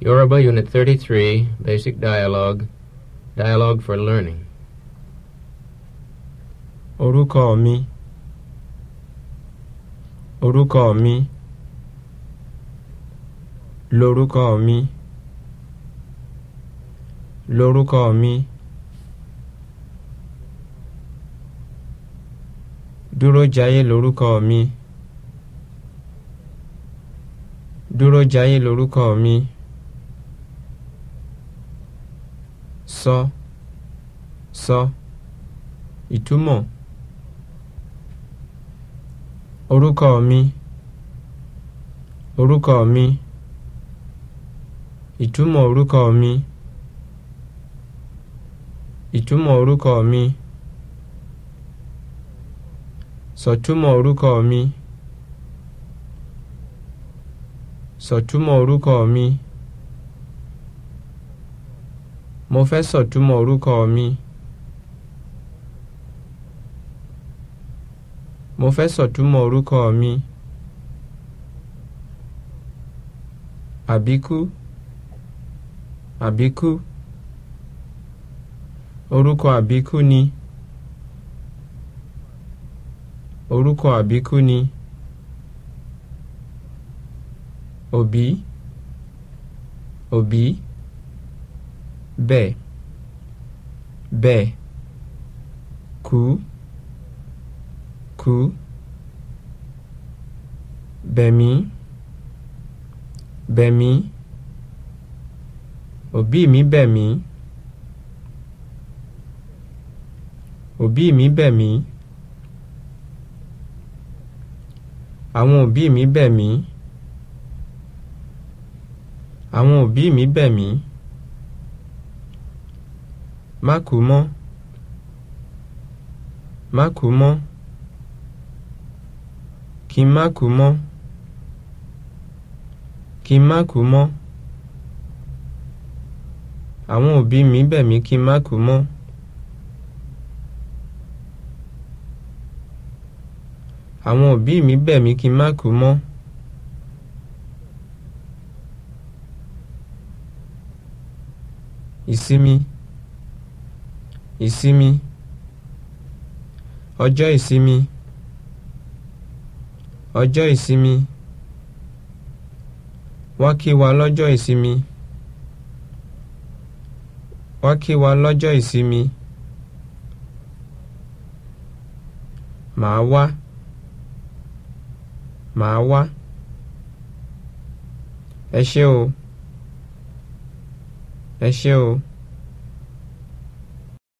Yoruba Unit 33, Basic Dialogue, Dialogue for Learning. Orúkọ mi. Orúkọ mi. Lorúkọ mi. Lorúkọ mi. Dúrójayé lorúkọ mi. Dúrójayé lorúkọ mi. jaye lorúkọ mi. sọ sọ ìtumọ̀ orúkọ mi orúkọ mi ìtumọ̀ orúkọ mi ìtumọ̀ orúkọ mi sọ̀túmọ̀ orúkọ mi sọ̀túmọ̀ orúkọ mi. So, mo fẹ́ sọ̀túmọ̀ orúkọ mi. mo fẹ́ sọ̀túmọ̀ orúkọ mi. àbíkú àbíkú orúkọ àbíkú ni orúkọ àbíkú ni òbí òbí. B. B. kú kú bẹ̀mí bẹ̀mí òbí mi bẹ̀mí òbí mi bẹ̀mí àwọn òbí mi bẹ̀mí àwọn òbí mi bẹ̀mí. Má kú mọ́! Má kú mọ́! Kí n má kú mọ́! Kí n má kú mọ́! Àwọn òbí mi bẹ̀ mí kí n má kú mọ́. Àwọn òbí mi bẹ̀ mí kí n má kú mọ́. Ìsinmi ìsinmi ọjọ́ ìsinmi ọjọ́ ìsinmi wọ́n kí wa lọ́jọ́ ìsinmi wọ́n kí wa lọ́jọ́ ìsinmi màá wá màá wá ẹ ṣé o ẹ ṣé o.